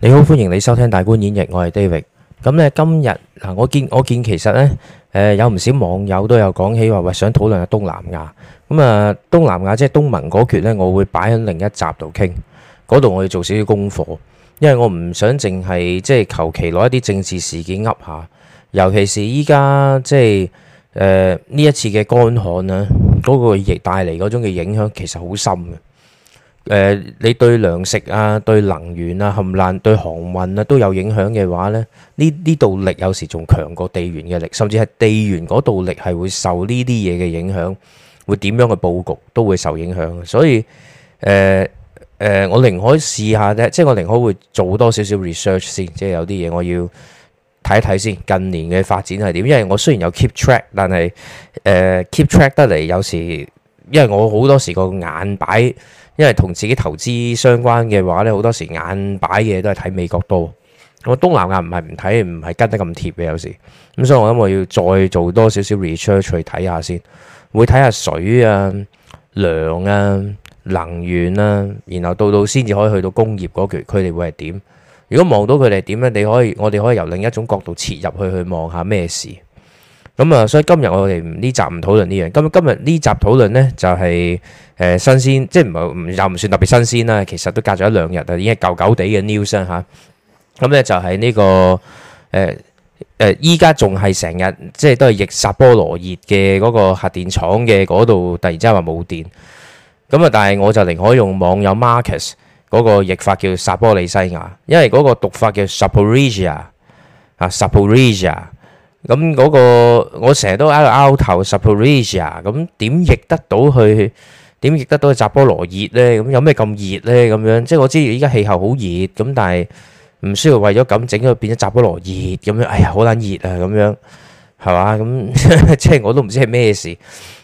你好，歡迎你收聽大觀演繹，我係 David。咁咧今日嗱，我見我見其實咧，誒有唔少網友都有講起話話想討論下東南亞。咁啊，東南亞即係東盟嗰橛咧，我會擺喺另一集度傾，嗰度我要做少少功課，因為我唔想淨係即係求其攞一啲政治事件噏下，尤其是依家即係誒呢一次嘅乾旱啊，嗰個亦帶嚟嗰種嘅影響其實好深嘅。誒，你對糧食啊、對能源啊、冚唪唥、對航運啊，都有影響嘅話咧，呢呢度力有時仲強過地緣嘅力，甚至係地緣嗰度力係會受呢啲嘢嘅影響，會點樣去布局都會受影響。所以誒誒、呃呃，我寧可試下咧，即係我寧可會做多少少 research 先，即係有啲嘢我要睇一睇先。近年嘅發展係點？因為我雖然有 keep track，但係誒、呃、keep track 得嚟有時，因為我好多時個眼擺。因為同自己投資相關嘅話咧，好多時眼擺嘢都係睇美國多。我東南亞唔係唔睇，唔係跟得咁貼嘅，有時咁，所以我諗我要再做多少少 research 去睇下先，會睇下水啊、糧啊、能源啦、啊，然後到到先至可以去到工業嗰橛，佢哋會係點？如果望到佢哋係點咧，你可以我哋可以由另一種角度切入去去望下咩事。咁啊、嗯，所以今日我哋呢集唔討論呢樣。今今日呢集討論呢就係、是、誒、呃、新鮮，即係唔又唔算特別新鮮啦。其實都隔咗一兩日啦，已經係舊舊地嘅 news 啦嚇。咁、啊、呢、嗯、就係、是、呢、這個誒誒，依家仲係成日即係都係薩波羅熱嘅嗰個核電廠嘅嗰度，突然之間話冇電。咁、嗯、啊，但係我就寧可用網友 Marcus 嗰個譯法叫薩波利西亞，因為嗰個讀法叫 Saporisia 啊 Saporisia。咁嗰、那個我成日都喺度拗頭 support r i a c h 啊，咁點譯得到去？點譯得到去扎波羅熱咧？咁有咩咁熱咧？咁樣即係我知而家氣候好熱，咁但係唔需要為咗咁整，變咗扎波羅熱咁樣。哎呀，好捻熱啊！咁樣係嘛？咁 即係我都唔知係咩事。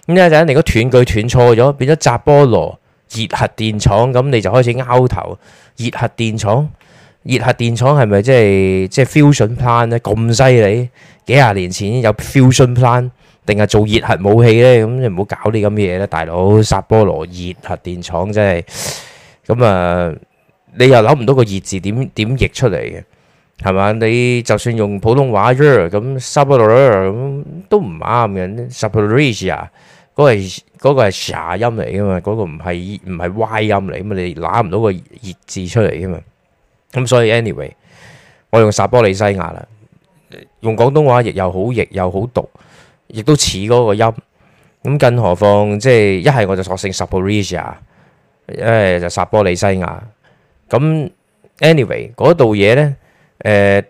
咁咧就因你個斷句斷錯咗，變咗扎波羅熱核電廠，咁你就開始拗頭熱核電廠。熱核電廠係咪即係即係 fusion plant 咧，咁犀利？幾廿年前有 fusion plan 定係做熱核武器咧？咁你唔好搞啲咁嘅嘢啦，大佬！薩波羅熱核電廠真係咁啊！你又諗唔到個熱字點點譯出嚟嘅係嘛？你就算用普通話咗咁，薩波羅咁都唔啱嘅。薩波羅熱啊，嗰個係嗰個係沙音嚟噶嘛，嗰個唔係唔係 Y 音嚟嘛，你揦唔到個熱字出嚟噶嘛。咁所以 anyway，我用薩波利西亞啦，用廣東話亦又好，亦又好讀，亦都似嗰個音。咁更何況即係一係我就索性 s p o r 西亞，一係就薩波利西亞。咁 anyway 嗰度嘢呢、呃，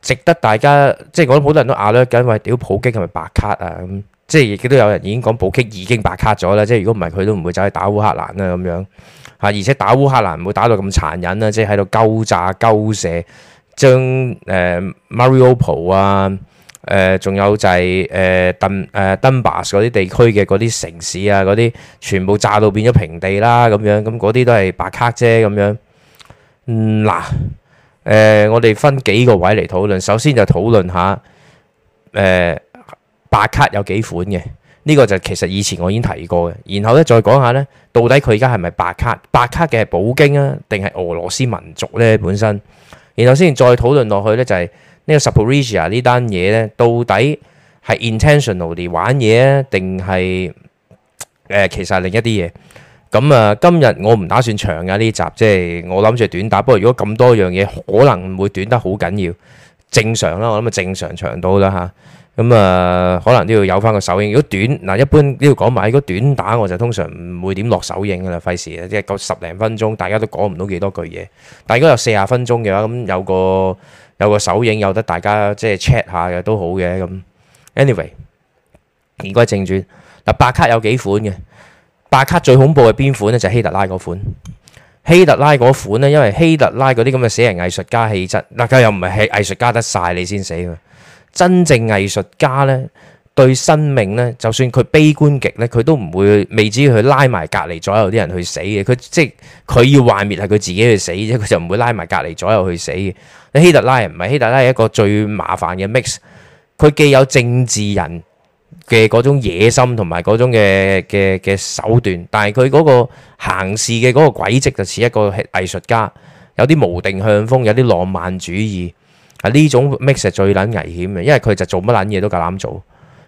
值得大家即係講好多人都 a 啦，e r 喂，屌普京係咪白卡啊？咁即係亦都有人已經講普京已經白卡咗啦。即係如果唔係佢都唔會走去打烏克蘭啦咁樣。嚇！而且打烏克蘭唔會打到咁殘忍勾勾、呃、啊，即係喺度鳩炸鳩射，將誒 Mariupol 啊，誒仲有就係誒鄧誒 Donbas 嗰啲地區嘅嗰啲城市啊，嗰啲全部炸到變咗平地啦，咁樣，咁嗰啲都係白卡啫，咁樣。嗯，嗱，誒、呃、我哋分幾個位嚟討論，首先就討論下誒、呃、白卡有幾款嘅。呢個就其實以前我已經提過嘅，然後咧再講下咧，到底佢而家係咪白卡？白卡嘅係普京啊，定係俄羅斯民族咧本身？然後先再討論落去咧，就係呢個扎波里西亞呢單嘢咧，到底係 intentionally 玩嘢啊，定係誒其實另一啲嘢？咁、嗯、啊，今日我唔打算長噶呢集，即係我諗住短打。不過如果咁多樣嘢，可能會短得好緊要。正常啦，我諗啊，正常長到啦嚇。咁啊、嗯，可能都要有翻個首映。如果短嗱、啊，一般都要講埋。如果短打我就通常唔會點落首映噶啦，費事即係個十零分鐘大家都講唔到幾多句嘢。但係如果有四十分鐘嘅話，咁有個有個首映有得大家即係 check 下嘅都好嘅咁。Anyway，言歸正傳嗱，白卡有幾款嘅？白卡最恐怖係邊款咧？就係、希特拉嗰款。希特拉嗰款呢，因為希特拉嗰啲咁嘅死人藝術家氣質，嗱家又唔係藝藝術家得晒你先死。真正藝術家呢，對生命呢，就算佢悲觀極呢，佢都唔會未至於去拉埋隔離左右啲人去死嘅。佢即係佢要幻滅係佢自己去死啫，佢就唔會拉埋隔離左右去死嘅。你希特拉人唔係希特拉係一個最麻煩嘅 mix，佢既有政治人嘅嗰種野心同埋嗰種嘅嘅嘅手段，但係佢嗰個行事嘅嗰個軌跡就似一個藝術家，有啲無定向風，有啲浪漫主義。呢種 mix 係最撚危險嘅，因為佢就做乜撚嘢都夠膽做。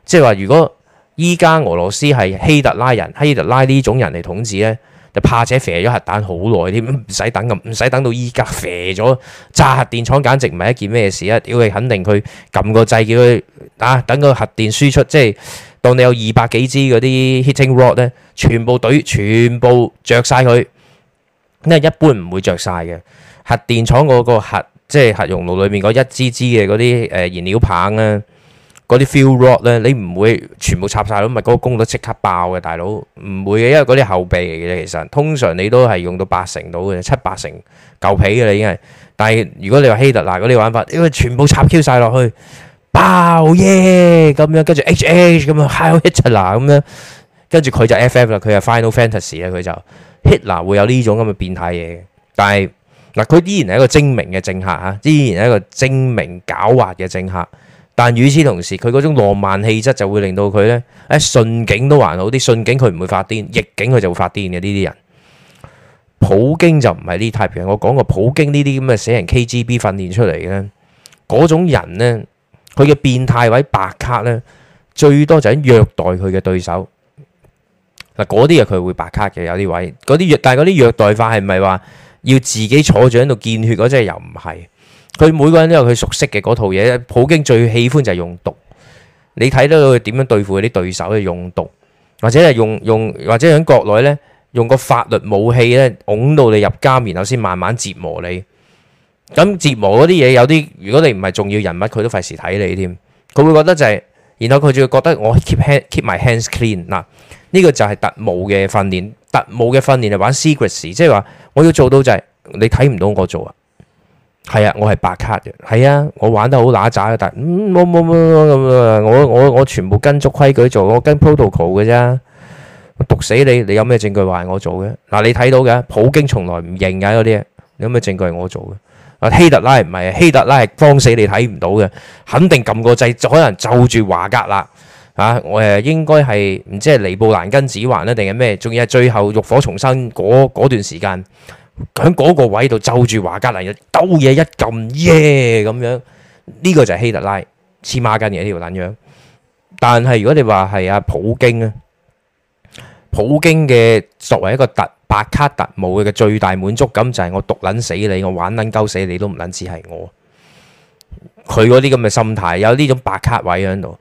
即係話，如果依家俄羅斯係希特拉人、希特拉呢種人嚟統治呢，就怕且肥咗核彈好耐添，唔使等咁，唔使等到依家肥咗炸核電廠，簡直唔係一件咩事啊！屌你，肯定佢撳個掣叫佢啊，等個核電輸出，即係當你有二百幾支嗰啲 hitting rod 呢，全部隊全部着晒佢，因為一般唔會着晒嘅核電廠嗰個核。即係核熔爐裏面嗰一支支嘅嗰啲誒燃料棒咧、啊，嗰啲 fuel rod 咧，你唔會全部插晒咯，咪、那、嗰個功率即刻爆嘅大佬，唔會嘅，因為嗰啲後備嚟嘅啫。其實，通常你都係用到八成到嘅，啫，七八成夠皮嘅啦已經係。但係如果你話希特拿嗰啲玩法，因為全部插 Q 晒落去，爆耶咁、yeah, 樣，跟住 HH 咁樣，Hi Hitler 咁樣，跟住佢就 FF 啦，佢就 Final Fantasy 啦，佢就 Hitler 會有呢種咁嘅變態嘢，但係。嗱，佢依然係一個精明嘅政客嚇，依然係一個精明狡猾嘅政客。但與此同時，佢嗰種浪漫氣質就會令到佢咧，喺、哎、順境都還好啲，順境佢唔會發癲，逆境佢就會發癲嘅呢啲人。普京就唔係呢 t y 我講過，普京呢啲咁嘅死人 K G B 訓練出嚟嘅嗰種人呢，佢嘅變態位白卡呢，最多就喺虐待佢嘅對手嗱。嗰啲嘢佢會白卡嘅，有啲位啲，但係嗰啲虐待化係咪話？要自己坐住喺度見血嗰隻又唔係，佢每個人都有佢熟悉嘅嗰套嘢。普京最喜歡就係用毒，你睇得到佢點樣對付嗰啲對手，去、就是、用毒或者係用用或者喺國內咧用個法律武器咧，㧬到你入監，然後先慢慢折磨你。咁折磨嗰啲嘢有啲，如果你唔係重要人物，佢都費事睇你添。佢會覺得就係、是，然後佢仲要覺得我 keep hand keep my hands clean 嗱。呢個就係特務嘅訓練，特務嘅訓練係玩 secret，即係話我要做到就係你睇唔到我做啊，係啊，我係白卡嘅。係啊，我玩得好乸渣啊，但冇冇冇咁啊，我我我，我，我全部跟足規矩做，我跟 protocol 嘅啫，毒死你，你有咩證據話係我做嘅？嗱，你睇到嘅，普京從來唔認㗎，嗰啲你有咩證據係我做嘅？啊，希特拉唔係，希特拉係慌死你睇唔到嘅，肯定撳個掣，就可能就住華格啦。啊，我誒、呃、應該係唔知係尼布蘭根指環咧，定係咩？仲要係最後浴火重生嗰段時間，喺嗰個位度就住華格蘭嘅兜嘢一撳耶咁樣，呢、這個就係希特拉黐孖筋嘅呢條撚樣。但係如果你話係阿普京啊，普京嘅作為一個特白卡特務，嘅最大滿足感就係我毒撚死你，我玩撚鳩死你都唔撚似係我。佢嗰啲咁嘅心態，有呢種白卡位喺度。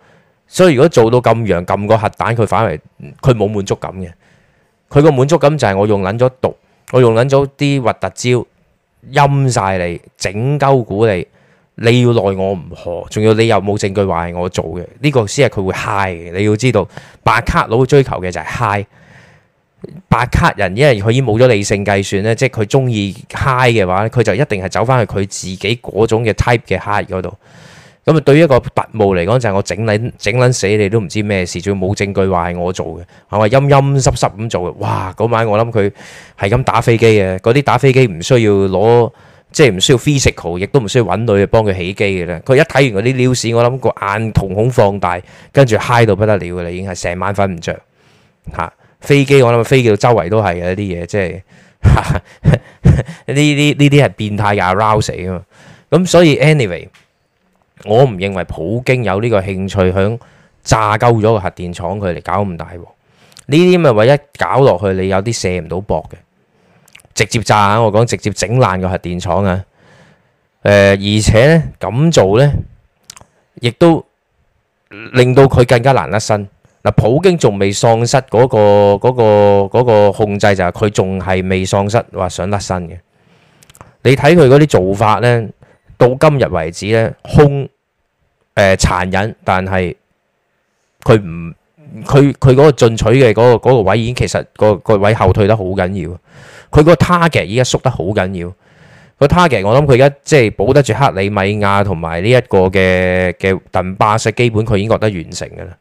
所以如果做到咁樣撳個核彈，佢反而，佢冇滿足感嘅。佢個滿足感就係我用撚咗毒，我用撚咗啲核突招，陰晒你，整鳩估你，你要奈我唔何，仲要你又冇證據話係我做嘅，呢個先係佢會嗨嘅。你要知道，白卡佬追求嘅就係嗨。白卡人因為佢已經冇咗理性計算咧，即係佢中意嗨嘅話咧，佢就一定係走翻去佢自己嗰種嘅 type 嘅 high 嗰度。咁啊，對於一個特務嚟講，就係、是、我整撚整撚死你都唔知咩事，仲要冇證據話係我做嘅，係咪陰陰濕濕咁做嘅？哇！嗰晚我諗佢係咁打飛機嘅，嗰啲打飛機唔需要攞，即係唔需要 physical，亦都唔需要揾女去幫佢起機嘅啦。佢一睇完嗰啲 news，我諗個眼瞳孔放大，跟住嗨到不得了嘅啦，已經係成晚瞓唔着。嚇、啊！飛機我諗飛到周圍都係嘅啲嘢，即係呢啲呢啲係變態 arousal 啊！咁所以 anyway。我唔認為普京有呢個興趣想炸鳩咗個核電廠佢嚟搞咁大喎，呢啲咪唯一搞落去你有啲射唔到博嘅，直接炸啊！我講直接整爛個核電廠啊！誒，而且咧咁做咧，亦都令到佢更加難甩身。嗱，普京仲未喪失嗰個嗰個嗰個控制，就係佢仲係未喪失話想甩身嘅。你睇佢嗰啲做法咧，到今日為止咧空。誒、殘、呃、忍，但係佢唔，佢佢嗰個進取嘅嗰、嗰個、嗰個位已經其實、嗰個、嗰個位後退得好緊要，佢、嗰個 target 依家縮得好緊要，個 target 我諗佢而家即係保得住克里米亞同埋呢一個嘅嘅頓巴斯，基本佢已經覺得完成噶啦，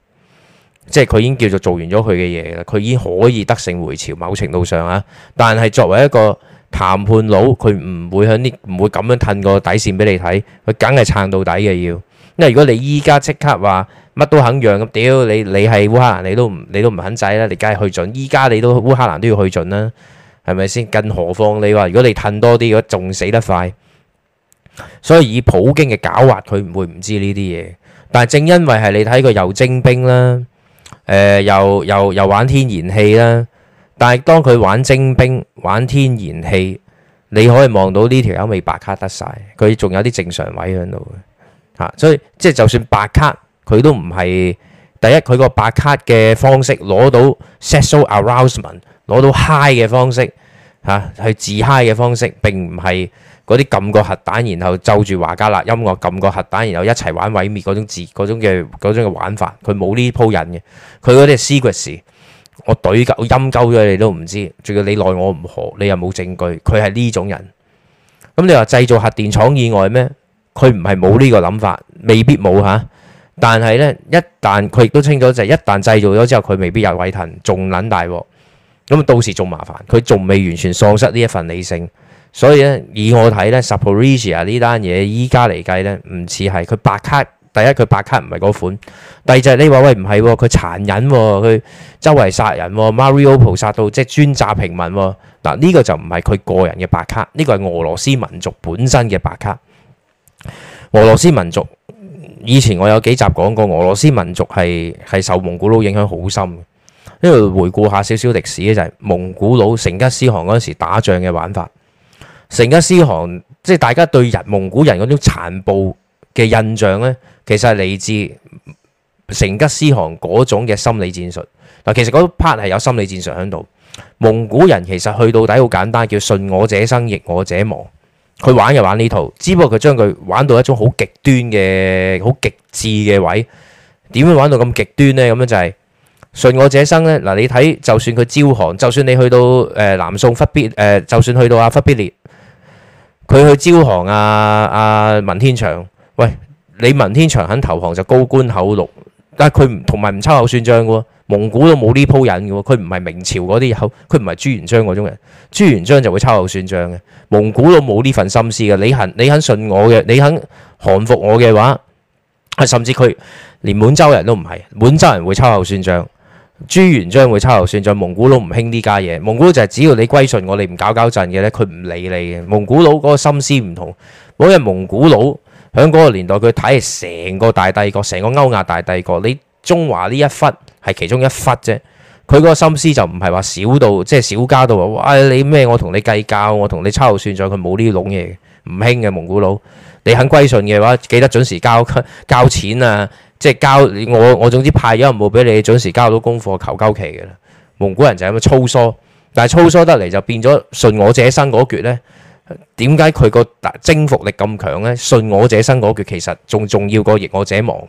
即係佢已經叫做做完咗佢嘅嘢啦，佢已經可以得勝回朝。某程度上啊，但係作為一個談判佬，佢唔會響啲唔會咁樣褪個底線俾你睇，佢梗係撐到底嘅要。因為如果你依家即刻話乜都肯讓咁，屌你你係烏克蘭你都唔你都唔肯制啦，你梗係去盡。依家你都烏克蘭都要去盡啦，係咪先？更何況你話如果你褪多啲，我仲死得快。所以以普京嘅狡猾，佢唔會唔知呢啲嘢。但係正因為係你睇過又徵兵啦，誒、呃、又又又玩天然氣啦，但係當佢玩徵兵、玩天然氣，你可以望到呢條友未白卡得晒，佢仲有啲正常位喺度。嚇、啊，所以即係就算白卡，佢都唔係第一。佢個白卡嘅方式攞到 sexual arousement 攞到 high 嘅方式嚇，去、啊、自 high 嘅方式，並唔係嗰啲撳個核彈，然後就住華家辣音樂撳個核彈，然後一齊玩毀滅嗰種自嗰種嘅嗰種嘅玩法。佢冇呢鋪人嘅，佢嗰啲係 secret，我懟鳩我陰鳩咗你都唔知。仲要你奈我唔何，你又冇證據，佢係呢種人。咁、嗯、你話製造核電廠意外咩？佢唔係冇呢個諗法，未必冇嚇、啊。但係呢，一旦佢亦都清楚就係一旦製造咗之後，佢未必有鬼騰，仲撚大鑊咁，到時仲麻煩，佢仲未完全喪失呢一份理性，所以呢，以我睇呢扎波里西亞呢單嘢依家嚟計呢，唔似係佢白卡。第一佢白卡唔係嗰款，第二就係呢位，喂唔係佢殘忍、啊，佢周圍殺人，Mario、啊、浦殺到即係專炸平民嗱、啊。呢、呢個就唔係佢個人嘅白卡，呢個係俄羅斯民族本身嘅白卡。俄羅斯民族，以前我有幾集講過，俄羅斯民族係係受蒙古佬影響好深，因為回顧下少少歷史就係、是、蒙古佬成吉思汗嗰時打仗嘅玩法，成吉思汗即係大家對人蒙古人嗰種殘暴嘅印象呢，其實係嚟自成吉思汗嗰種嘅心理戰術。嗱，其實嗰 part 係有心理戰術喺度，蒙古人其實去到底好簡單，叫信我者生，逆我者亡。佢玩又玩呢套，只不過佢將佢玩到一種好極端嘅，好極致嘅位。點樣玩到咁極端呢？咁樣就係、是、信我者生順我者生呢，嗱，你睇，就算佢招降，就算你去到誒、呃、南宋忽必誒、呃，就算去到阿忽必烈，佢去招降阿、啊、阿、啊、文天祥。喂，你文天祥肯投降就高官厚祿，但係佢唔同埋唔秋後算帳嘅喎。蒙古都冇呢鋪癮嘅喎，佢唔係明朝嗰啲，佢唔係朱元璋嗰種人。朱元璋就會秋後算賬嘅，蒙古都冇呢份心思嘅。你肯你肯信我嘅，你肯降服我嘅話，甚至佢連滿洲人都唔係，滿洲人會秋後算賬，朱元璋會秋後算賬，蒙古佬唔興呢家嘢。蒙古佬就係只要你歸順我哋唔搞搞震嘅咧，佢唔理你嘅。蒙古佬嗰個心思唔同，因為蒙古佬喺嗰個年代，佢睇係成個大帝國，成個歐亞大帝國你。中華呢一忽係其中一忽啫，佢個心思就唔係話少到即係少加到啊！哇，你咩？我同你計較，我同你抄算，咗佢冇呢啲嘢唔興嘅，蒙古佬。你肯歸順嘅話，記得準時交交錢啊！即係交我，我總之派咗任務俾你，準時交到功課求求其嘅啦。蒙古人就係咁樣粗疏，但係粗疏得嚟就變咗信我者生嗰一撅呢？點解佢個征服力咁強呢？信我者生嗰撅其實仲重要過逆我者亡。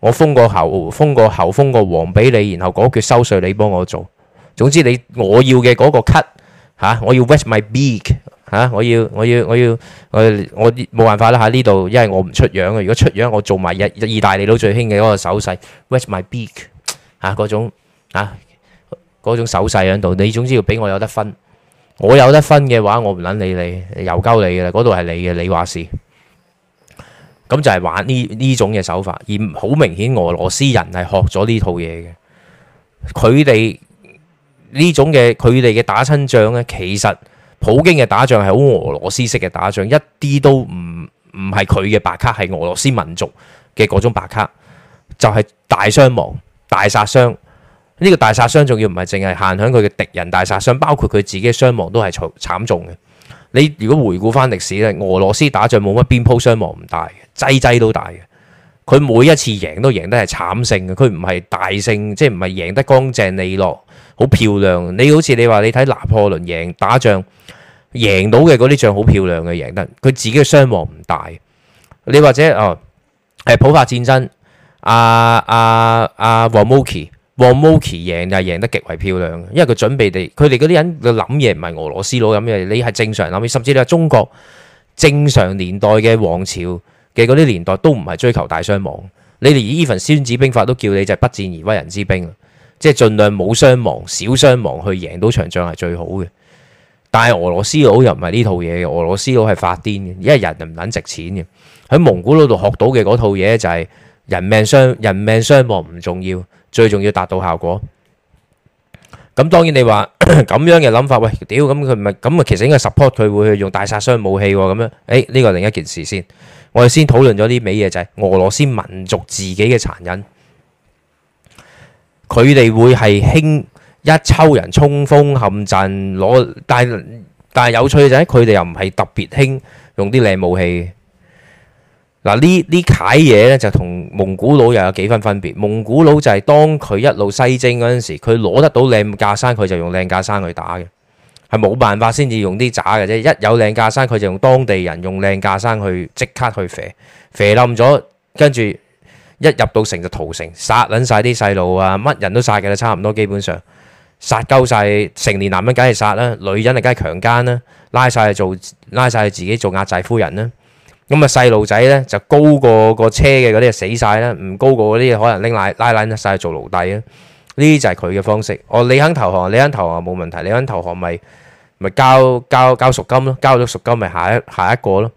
我封個喉，封個喉，封個王俾你，然後嗰叫收稅，你幫我做。總之你我要嘅嗰個 cut 嚇、啊，我要 wet my beak 嚇、啊，我要我要我要我我冇辦法啦嚇，呢、啊、度因為我唔出樣啊。如果出樣，我做埋日意大利佬最興嘅嗰個手勢，wet my beak 嚇、啊，嗰種嚇、啊、手勢喺度。你總之要俾我有得分，我有得分嘅話，我唔撚理你，由鳩你嘅啦。嗰度係你嘅，你話事。咁就係玩呢呢種嘅手法，而好明顯俄羅斯人係學咗呢套嘢嘅。佢哋呢種嘅佢哋嘅打親仗呢，其實普京嘅打仗係好俄羅斯式嘅打仗，一啲都唔唔係佢嘅白卡，係俄羅斯民族嘅嗰種白卡，就係大傷亡、大殺傷。呢個大殺傷仲要唔係淨係限喺佢嘅敵人，大殺傷包括佢自己嘅傷亡都係慘重嘅。你如果回顧翻歷史咧，俄羅斯打仗冇乜邊鋪傷亡唔大嘅，劑劑都大嘅。佢每一次贏都贏得係慘勝嘅，佢唔係大勝，即係唔係贏得乾淨利落，好漂亮。你好似你話你睇拿破崙贏打仗贏到嘅嗰啲仗好漂亮嘅贏得，佢自己嘅傷亡唔大。你或者哦係普法戰爭，阿阿阿王毛奇。啊啊啊王摩奇贏就係贏得極為漂亮，因為佢準備地，佢哋嗰啲人嘅諗嘢唔係俄羅斯佬咁嘅。你係正常諗，甚至你話中國正常年代嘅王朝嘅嗰啲年代都唔係追求大傷亡。你哋以呢份《孫子兵法》都叫你就係不戰而屈人之兵，即係儘量冇傷亡、少傷亡去贏到場仗係最好嘅。但係俄羅斯佬又唔係呢套嘢嘅，俄羅斯佬係發癲嘅，而家人唔撚值錢嘅。喺蒙古度學到嘅嗰套嘢就係人命傷人命傷亡唔重要。最重要達到效果，咁當然你話咁樣嘅諗法，喂，屌咁佢唔係咁啊，其實應該 support 佢會去用大殺傷武器喎，咁樣，誒呢個另一件事先，我哋先討論咗啲咩嘢就係俄羅斯民族自己嘅殘忍，佢哋會係興一抽人衝鋒陷陣攞，但但係有趣嘅就係佢哋又唔係特別興用啲靚武器。嗱，呢呢啁嘢咧就同蒙古佬又有幾分分別。蒙古佬就係當佢一路西征嗰陣時，佢攞得到靚架生，佢就用靚架生去打嘅，係冇辦法先至用啲渣嘅啫。一有靚架生，佢就用當地人用靚架生去即刻去啡，啡冧咗，跟住一入到城就屠城，殺撚晒啲細路啊，乜人都殺㗎啦，差唔多基本上殺鳩晒成年男人梗係殺啦，女人啊梗係強姦啦，拉晒去做拉晒自己做壓寨夫人啦。咁啊，細路仔咧就高過個車嘅嗰啲就死晒啦，唔高過嗰啲可能拎拉拉鏈甩曬做奴隸啦。呢啲就係佢嘅方式。哦，你肯投降，你肯投降冇問題，你肯投降咪咪交交交贖金咯，交咗贖金咪下一下一個咯。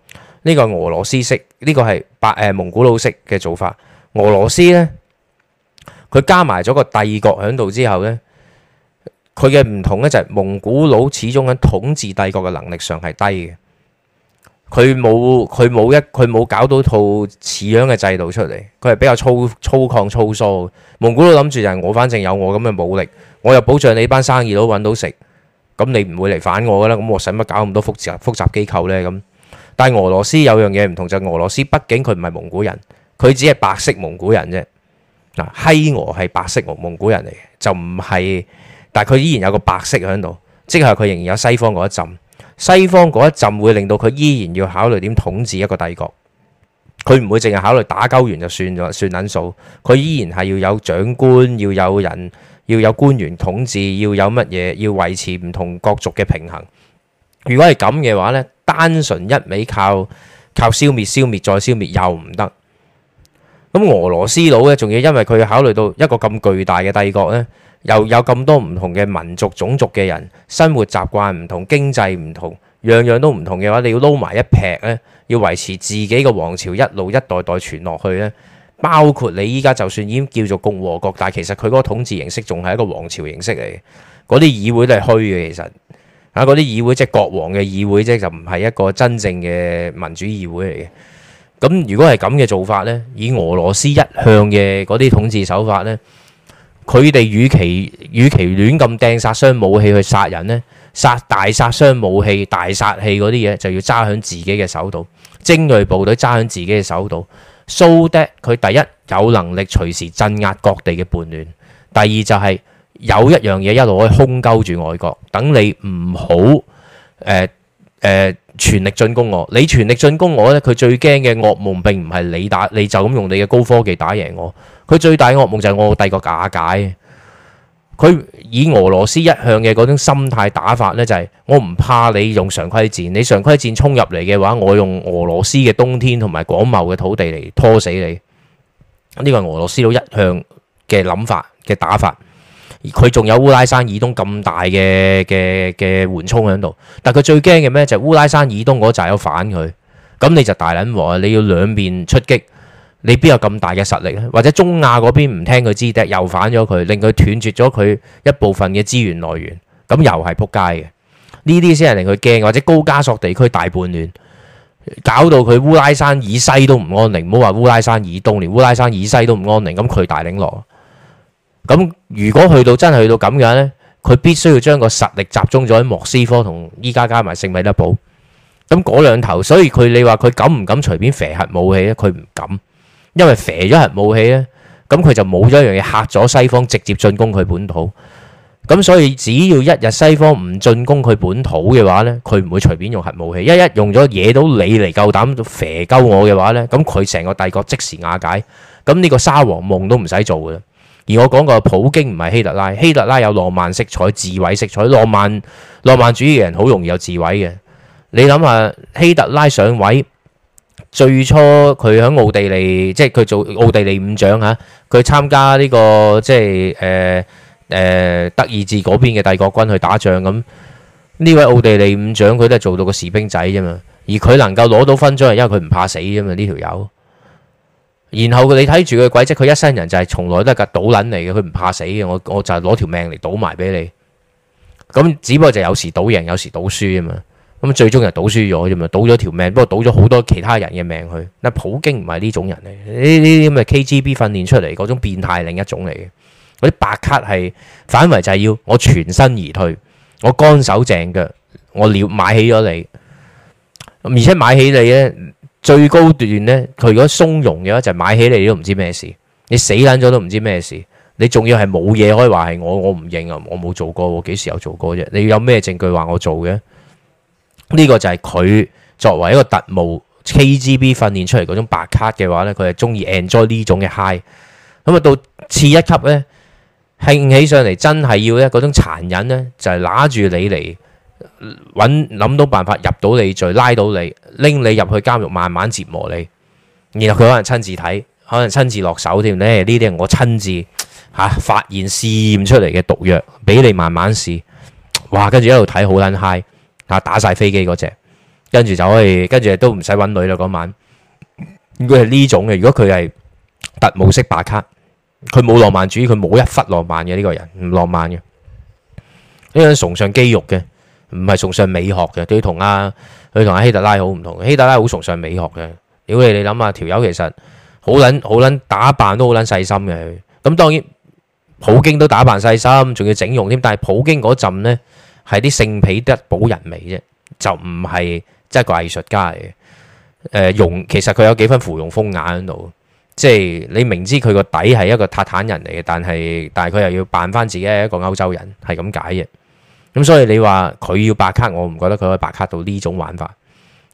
呢、這個係俄羅斯式，呢、這個係白誒、呃、蒙古佬式嘅做法。俄羅斯咧，佢加埋咗個帝國喺度之後咧，佢嘅唔同咧就係蒙古佬始終喺統治帝國嘅能力上係低嘅。佢冇佢冇一佢冇搞到套似樣嘅制度出嚟，佢係比較粗粗獷粗疏。蒙古佬諗住就係我反正有我咁嘅武力，我又保障你班生意佬揾到食，咁你唔會嚟反我㗎啦。咁我使乜搞咁多複雜複雜機構呢？咁但係俄羅斯有樣嘢唔同就係、是、俄羅斯，畢竟佢唔係蒙古人，佢只係白色蒙古人啫。嗱，黑俄係白色蒙古人嚟嘅，就唔係，但係佢依然有個白色喺度，即係佢仍然有西方嗰一浸。西方嗰一陣會令到佢依然要考慮點統治一個帝國，佢唔會淨係考慮打鳩完就算咗算撚數，佢依然係要有長官，要有人，要有官員統治，要有乜嘢，要維持唔同國族嘅平衡。如果係咁嘅話呢，單純一味靠靠消滅、消滅再消滅又唔得。咁俄羅斯佬呢，仲要因為佢考慮到一個咁巨大嘅帝國呢。又有咁多唔同嘅民族、種族嘅人，生活習慣唔同，經濟唔同，樣樣都唔同嘅話，你要撈埋一劈呢，要維持自己嘅王朝一路一代代傳落去呢，包括你依家就算已經叫做共和國，但係其實佢嗰個統治形式仲係一個王朝形式嚟嘅，嗰啲議會都係虛嘅，其實啊，嗰啲議會即係國王嘅議會即就唔係一個真正嘅民主議會嚟嘅。咁如果係咁嘅做法呢，以俄羅斯一向嘅嗰啲統治手法呢，佢哋與其與其亂咁掟殺傷武器去殺人呢，殺大殺傷武器、大殺器嗰啲嘢就要揸喺自己嘅手度，精鋭部隊揸喺自己嘅手度。蘇德佢第一有能力隨時鎮壓各地嘅叛亂，第二就係、是、有一樣嘢一路可以空勾住外國，等你唔好誒誒。呃呃全力進攻我，你全力進攻我咧，佢最驚嘅噩夢並唔係你打，你就咁用你嘅高科技打贏我。佢最大噩夢就係我帝國假解，佢以俄羅斯一向嘅嗰種心態打法呢、就係，就係我唔怕你用常規戰，你常規戰衝入嚟嘅話，我用俄羅斯嘅冬天同埋廣袤嘅土地嚟拖死你。呢個俄羅斯佬一向嘅諗法嘅打法。佢仲有烏拉山以東咁大嘅嘅嘅緩衝喺度，但佢最驚嘅咩？就係、是、烏拉山以東嗰陣有反佢，咁你就大撚和，你要兩面出擊，你邊有咁大嘅實力咧？或者中亞嗰邊唔聽佢支笛，又反咗佢，令佢斷絕咗佢一部分嘅資源來源，咁又係撲街嘅。呢啲先係令佢驚，或者高加索地區大叛亂，搞到佢烏拉山以西都唔安寧。唔好話烏拉山以東，連烏拉山以西都唔安寧，咁佢大撚和。咁如果去到真係去到咁嘅呢，佢必須要將個實力集中咗喺莫斯科同依家加埋聖彼得堡。咁嗰兩頭，所以佢你話佢敢唔敢隨便射核武器咧？佢唔敢，因為射咗核武器呢，咁佢就冇咗一樣嘢嚇咗西方，直接進攻佢本土。咁所以只要一日西方唔進攻佢本土嘅話呢，佢唔會隨便用核武器一一用咗惹到你嚟夠膽射鳩我嘅話呢，咁佢成個帝國即時瓦解，咁呢個沙皇夢都唔使做嘅。而我講過普京唔係希特拉，希特拉有浪漫色彩、自毀色彩。浪漫，浪漫主義人好容易有自毀嘅。你諗下，希特拉上位最初佢喺奧地利，即係佢做奧地利五長嚇，佢參加呢個即係誒誒德意志嗰邊嘅帝國軍去打仗咁。呢位奧地利五長佢都係做到個士兵仔啫嘛，而佢能夠攞到勳章係因為佢唔怕死啫嘛，呢條友。然後你睇住佢軌跡，佢一生人就係從來都係個賭捻嚟嘅佢唔怕死嘅。我我就係攞條命嚟賭埋俾你，咁只不過就有時賭贏，有時賭輸啊嘛。咁最終就賭輸咗啫嘛，賭咗條命，不過賭咗好多其他人嘅命去。那普京唔係呢種人嚟，呢呢啲咁嘅 KGB 訓練出嚟嗰種變態，另一種嚟嘅。嗰啲白卡係反為就係要我全身而退，我乾手淨腳，我了買起咗你，而且買起你咧。最高段呢，佢如果松茸嘅話就是、買起嚟都唔知咩事，你死撚咗都唔知咩事，你仲要係冇嘢可以話係我，我唔認啊，我冇做過，幾時有做過啫？你有咩證據話我做嘅？呢、這個就係佢作為一個特務 KGB 訓練出嚟嗰種白卡嘅話呢，佢係中意 enjoy 呢種嘅 high。咁啊，到次一級呢，興起上嚟真係要呢嗰種殘忍呢，就係、是、拿住你嚟。揾諗到辦法入到你，再拉到你，拎你入去監獄，慢慢折磨你。然後佢可能親自睇，可能親自落手添咧。呢啲係我親自吓、啊、發現試驗出嚟嘅毒藥，俾你慢慢試。哇，跟住一路睇好捻嗨，吓、啊，打晒飛機嗰隻，跟住就可以，跟住都唔使揾女啦。嗰晚應該係呢種嘅。如果佢係特務式白卡，佢冇浪漫主義，佢冇一忽浪漫嘅呢、呢個人，唔浪漫嘅呢個人崇尚肌肉嘅。唔係崇尚美學嘅，都要同啊。佢同阿希特拉好唔同。希特拉好崇尚美學嘅，屌你想想！你諗下條友其實好撚好撚打扮都好撚細心嘅。咁當然普京都打扮細心，仲要整容添。但係普京嗰陣咧係啲聖彼得堡人味啫，就唔係即係個藝術家嚟嘅。誒、呃、容其實佢有幾分芙蓉風雅喺度，即係你明知佢個底係一個塔坦人嚟嘅，但係但係佢又要扮翻自己係一個歐洲人，係咁解嘅。咁所以你話佢要白卡，我唔覺得佢可以白卡到呢種玩法。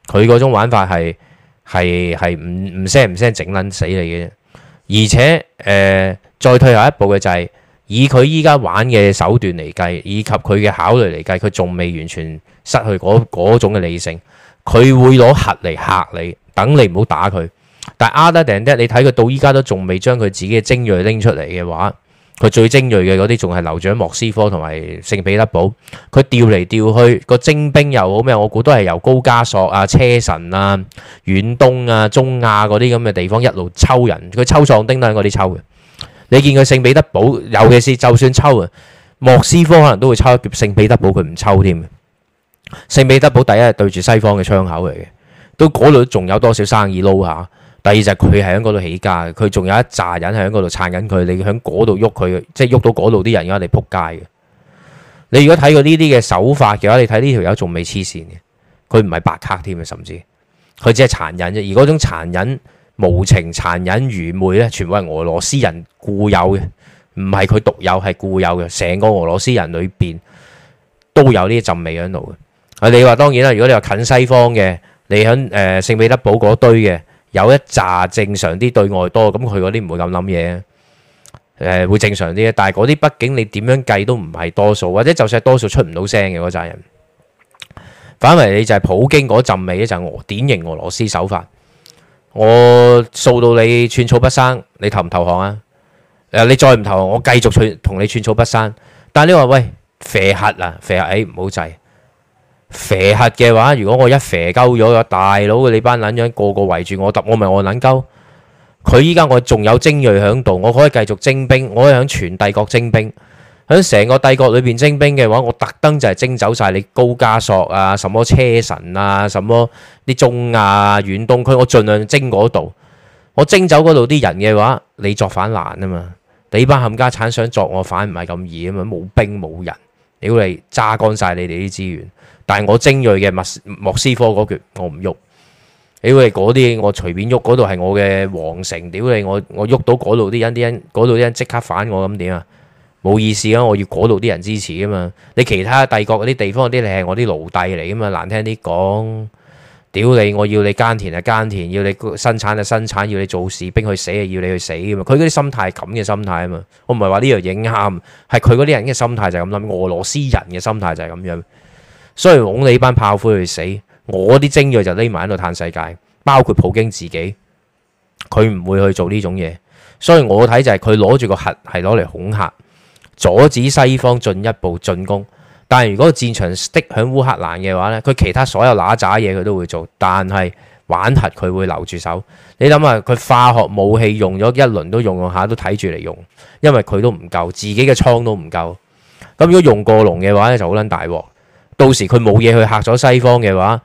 佢嗰種玩法係係係唔唔聲唔聲整撚死你嘅。而且誒、呃，再退後一步嘅就係、是、以佢依家玩嘅手段嚟計，以及佢嘅考慮嚟計，佢仲未完全失去嗰種嘅理性。佢會攞核嚟嚇你，等你唔好打佢。但係 other than that，你睇佢到依家都仲未將佢自己嘅精鋭拎出嚟嘅話。佢最精銳嘅嗰啲仲係留住喺莫斯科同埋聖彼得堡，佢調嚟調去個精兵又好咩？我估都係由高加索啊、車臣啊、遠東啊、中亞嗰啲咁嘅地方一路抽人，佢抽壯丁都係嗰啲抽嘅。你見佢聖彼得堡，尤其是就算抽啊莫斯科，可能都會抽一啲，聖彼得堡佢唔抽添。聖彼得堡第一係對住西方嘅窗口嚟嘅，都嗰度仲有多少生意撈下。第二就佢係喺嗰度起家嘅，佢仲有一扎人係喺嗰度撐緊佢。你喺嗰度喐佢，即係喐到嗰度啲人嘅話，你仆街嘅。你如果睇過呢啲嘅手法嘅話，你睇呢條友仲未黐線嘅，佢唔係白卡添啊，甚至佢只係殘忍啫。而嗰種殘忍、無情、殘忍、愚昧咧，全部係俄羅斯人固有嘅，唔係佢獨有，係固有嘅。成個俄羅斯人裏邊都有呢一陣味喺度嘅。啊，你話當然啦，如果你話近西方嘅，你喺誒聖彼得堡嗰堆嘅。有一扎正常啲對外多，咁佢嗰啲唔會咁諗嘢，誒會正常啲。但係嗰啲畢竟你點樣計都唔係多數，或者就算係多數出唔到聲嘅嗰扎人，反為你就係普京嗰陣味，就係俄、典型俄羅斯手法。我掃到你寸草不生，你投唔投降啊？誒，你再唔投降，我繼續同你寸草不生。但係你話喂，邪核啊，邪核，誒，唔好制。肥核嘅話，如果我一肥鳩咗，大佬你班捻樣個個圍住我，我咪我捻鳩佢。依家我仲有精銳響度，我可以繼續徵兵，我可以響全帝國徵兵，響成個帝國裏邊徵兵嘅話，我特登就係徵走晒你高加索啊，什麼車臣啊，什麼啲中亞、啊、遠東區，我盡量徵嗰度。我徵走嗰度啲人嘅話，你作反難啊嘛？你班冚家鏟想作我反唔係咁易啊嘛？冇兵冇人，哎、你估你，揸乾晒你哋啲資源。但係我精銳嘅莫斯科嗰橛，我唔喐。屌你嗰啲，我隨便喐嗰度係我嘅皇城。屌你，我我喐到嗰度啲人，啲人度啲人即刻反我，咁點啊？冇意思啊！我要嗰度啲人支持啊嘛。你其他帝國嗰啲地方嗰啲，你係我啲奴隸嚟噶嘛？難聽啲講，屌你，我要你耕田就耕田，要你生產就生產，要你做士兵去死就要你去死噶嘛。佢嗰啲心態係咁嘅心態啊嘛。我唔係話呢樣影暗，係佢嗰啲人嘅心態就係咁諗，俄羅斯人嘅心態就係咁樣。雖然我你班炮灰去死，我啲精銳就匿埋喺度嘆世界，包括普京自己，佢唔會去做呢種嘢。所以，我睇就係佢攞住個核係攞嚟恐嚇，阻止西方進一步進攻。但係如果戰場 stick 喺烏克蘭嘅話呢，佢其他所有嗱喳嘢佢都會做，但係玩核佢會留住手。你諗下，佢化學武器用咗一輪都用用下都睇住嚟用，因為佢都唔夠，自己嘅倉都唔夠。咁如果用過籠嘅話呢，就好捻大鑊。到時佢冇嘢去吓咗西方嘅話，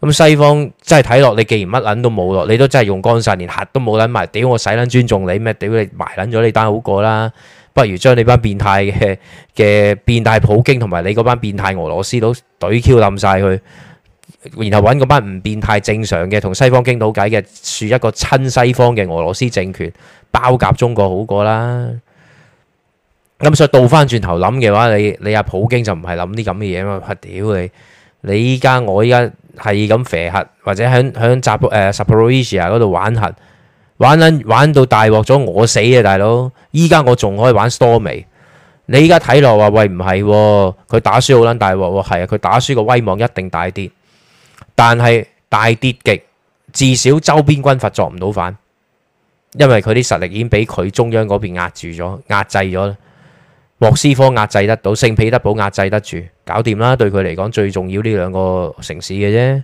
咁西方真係睇落你，既然乜捻都冇咯，你都真係用乾晒，連核都冇捻埋。屌，我使捻尊重你咩？屌你埋捻咗你單好過啦，不如將你班變態嘅嘅變態普京同埋你嗰班變態俄羅斯佬懟 Q 冧晒佢，然後搵嗰班唔變態正常嘅同西方傾到計嘅，樹一個親西方嘅俄羅斯政權包夾中國好過啦。咁所以倒翻轉頭諗嘅話，你你阿、啊、普京就唔係諗啲咁嘅嘢啊嘛？屌你！你依家我依家係咁肥核，或者響響扎波里西亞嗰度玩核，玩，捻玩到大鑊咗，我死啊！大佬，依家我仲可以玩 Stormy。你依家睇落話喂唔係，佢、哦、打輸好捻大鑊喎，係、哦、啊，佢打輸個威望一定大跌，但係大跌極，至少周邊軍閥作唔到反，因為佢啲實力已經俾佢中央嗰邊壓住咗、壓制咗。莫斯科壓制得到，聖彼得堡壓制得住，搞掂啦。對佢嚟講，最重要呢兩個城市嘅啫。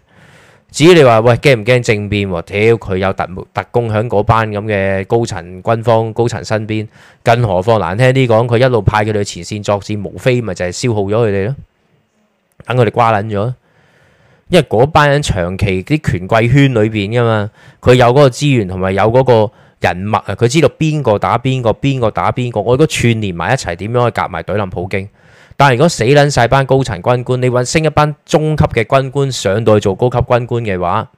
至於你話喂驚唔驚政變喎？屌、哎，佢有特特工喺嗰班咁嘅高層軍方高層身邊，更何況難聽啲講，佢一路派佢哋前線作戰，無非咪就係消耗咗佢哋咯，等佢哋瓜撚咗。因為嗰班人長期啲權貴圈裏邊噶嘛，佢有嗰個資源同埋有嗰、嗰個。人物啊，佢知道邊個打邊個，邊個打邊個。我如果串連埋一齊，點樣去夾埋隊冧普京？但係如果死撚晒班高層軍官，你揾升一班中級嘅軍官上到去做高級軍官嘅話，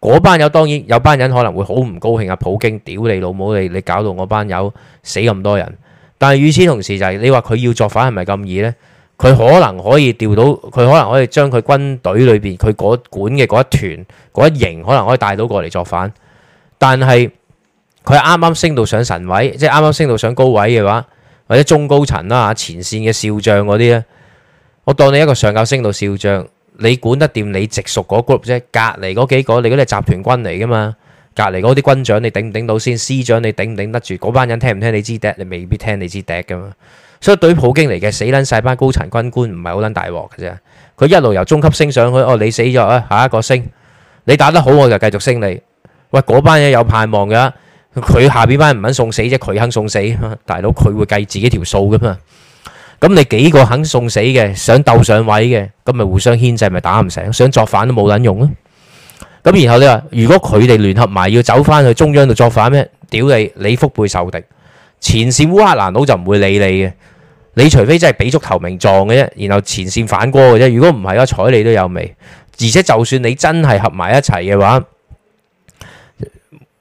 嗰班友當然有班人可能會好唔高興啊！普京屌你老母，你你搞到我班友死咁多人。但係與此同時就係你話佢要作反係咪咁易呢？佢可能可以調到，佢可能可以將佢軍隊裏邊佢嗰管嘅嗰一團嗰一營，可能可以帶到過嚟作反，但係。佢啱啱升到上神位，即係啱啱升到上高位嘅話，或者中高層啦，前線嘅少將嗰啲咧，我當你一個上校升到少將，你管得掂你直屬嗰 group 啫，隔籬嗰幾個你嗰啲係集團軍嚟噶嘛，隔籬嗰啲軍長你頂唔頂到先，師長你頂唔頂得住？嗰班人聽唔聽你支笛，你未必聽你支笛噶嘛。所以對於普京嚟嘅死捻晒班高層軍官唔係好捻大鑊嘅啫。佢一路由中級升上去，哦你死咗啊，下一個升你打得好我就繼續升你。喂嗰班嘢有盼望噶。佢下邊班唔肯送死啫，佢肯送死，大佬佢會計自己條數噶嘛？咁你幾個肯送死嘅，想鬥上位嘅，咁咪互相牽制，咪打唔成？想作反都冇撚用咯。咁然後你話，如果佢哋聯合埋要走翻去中央度作反咩？屌你，你腹背受敵，前線烏克蘭佬就唔會理你嘅。你除非真係俾足頭銜撞嘅啫，然後前線反戈嘅啫。如果唔係啦，我睬你都有味。而且就算你真係合埋一齊嘅話，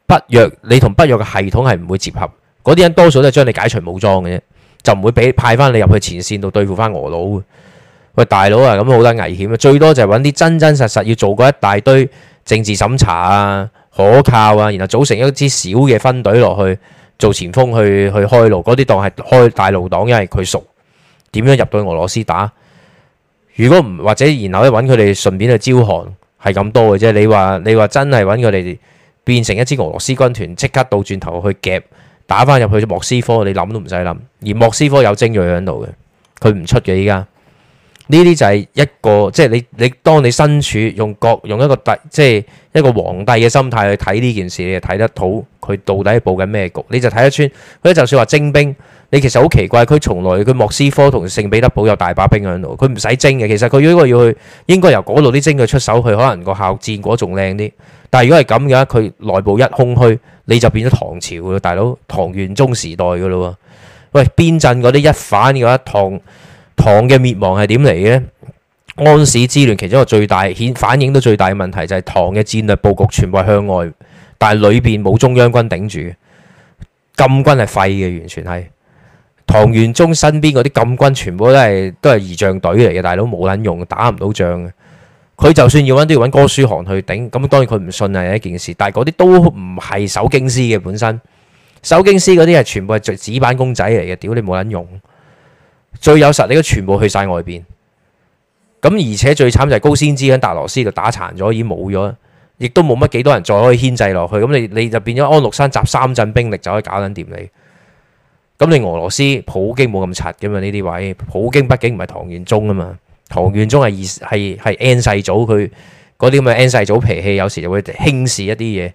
北約，你同北約嘅系統係唔會接合。嗰啲人多數都係將你解除武裝嘅啫，就唔會俾派翻你入去前線度對付翻俄佬。喂，大佬啊，咁好得危險啊！最多就係揾啲真真實實要做過一大堆政治審查啊、可靠啊，然後組成一支小嘅分隊落去做前鋒去去開路。嗰啲當係開大路黨，因為佢熟點樣入到俄羅斯打。如果唔或者，然後揾佢哋順便去招降，係咁多嘅啫。你話你話真係揾佢哋？變成一支俄羅斯軍團，即刻倒轉頭去夾打翻入去莫斯科，你諗都唔使諗。而莫斯科有精鋭喺度嘅，佢唔出嘅依家。呢啲就係一個，即係你你當你身處用國用一個帝，即係一個皇帝嘅心態去睇呢件事，你就睇得到佢到底佈緊咩局，你就睇得穿。佢就算話徵兵，你其實好奇怪，佢從來佢莫斯科同聖彼得堡有大把兵喺度，佢唔使徵嘅。其實佢如果要去，應該由嗰度啲精鋭出手去，可能個效戰果仲靚啲。但係如果係咁嘅，佢內部一空虛，你就變咗唐朝嘅大佬唐玄宗時代嘅咯喎。喂，邊陣嗰啲一反嘅話，唐唐嘅滅亡係點嚟嘅？安史之亂其中一個最大顯反映到最大嘅問題就係、是、唐嘅戰略佈局全部係向外，但係裏邊冇中央軍頂住。禁軍係廢嘅，完全係唐玄宗身邊嗰啲禁軍全部都係都係儀仗隊嚟嘅，大佬冇撚用，打唔到仗嘅。佢就算要揾都要揾哥舒翰去頂，咁當然佢唔信係一件事，但係嗰啲都唔係守京師嘅本身，守京師嗰啲係全部係紙板公仔嚟嘅，屌你冇撚用！最有實力都全部去晒外邊，咁而且最慘就係高仙芝喺達羅斯度打殘咗，已經冇咗，亦都冇乜幾多人再可以牽制落去，咁你你就變咗安祿山集三鎮兵力就可以搞緊掂你。咁你俄羅斯普京冇咁柒噶嘛？呢啲位普京畢竟唔係唐玄宗啊嘛。唐玄宗係二係係 N 世祖，佢嗰啲咁嘅 N 世祖脾氣，有時就會輕視一啲嘢。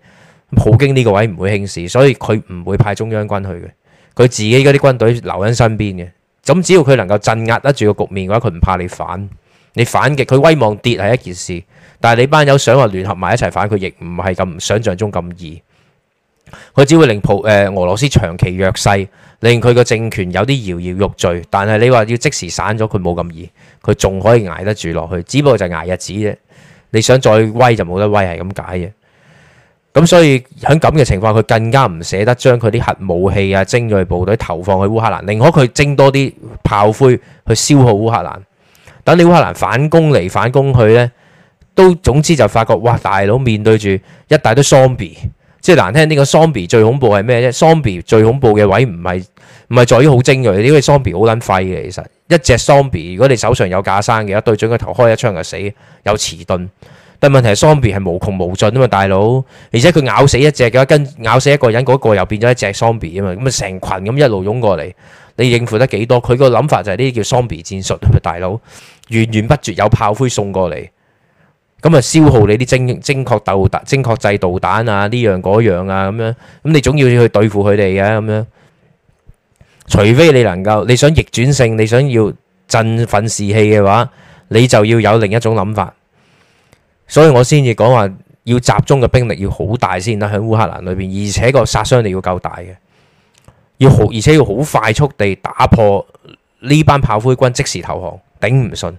普京呢個位唔會輕視，所以佢唔會派中央軍去嘅，佢自己嗰啲軍隊留喺身邊嘅。咁只要佢能夠鎮壓得住個局面嘅話，佢唔怕你反，你反擊佢威望跌係一件事。但係你班友想話聯合埋一齊反佢，亦唔係咁想像中咁易。佢只會令普誒俄羅斯長期弱勢。令佢個政權有啲搖搖欲墜，但係你話要即時散咗佢冇咁易，佢仲可以捱得住落去，只不過就捱日子啫。你想再威就冇得威，係咁解嘅。咁所以喺咁嘅情況，佢更加唔捨得將佢啲核武器啊、精鋭部隊投放去烏克蘭，寧可佢徵多啲炮灰去消耗烏克蘭，等你烏克蘭反攻嚟、反攻去呢，都總之就發覺哇大佬面對住一大堆喪屍，即係難聽呢個喪屍最恐怖係咩啫？喪屍最恐怖嘅位唔係。唔係在於好精鋭，因為 zombie 好撚廢嘅。其實、optional. 一隻 zombie 如果你手上有架生嘅，一對準佢頭開一槍就死。有遲鈍，但問題係 zombie 係無窮無盡啊嘛，大佬。而且佢咬死一隻嘅話，跟咬死、like、you know, M 一個人嗰個又變咗一隻 zombie 啊嘛。咁啊成群咁一路湧過嚟，你應付得幾多？佢個諗法就係呢啲叫 zombie 戰術大佬，源源不絕有炮灰送過嚟，咁啊消耗你啲精精確導精確制導彈啊呢樣嗰樣啊咁樣。咁你總要去對付佢哋嘅咁樣。除非你能夠你想逆轉勝，你想要振奮士氣嘅話，你就要有另一種諗法。所以我先至講話要集中嘅兵力要好大先得喺烏克蘭裏邊，而且個殺傷力要夠大嘅，要好而且要好快速地打破呢班炮灰軍，即時投降，頂唔順